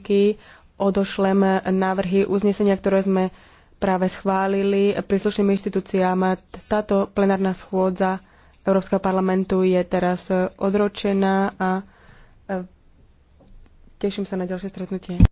pripomienky, odošlem návrhy uznesenia, ktoré sme práve schválili príslušným inštitúciám. Táto plenárna schôdza Európskeho parlamentu je teraz odročená a e, teším sa na ďalšie stretnutie.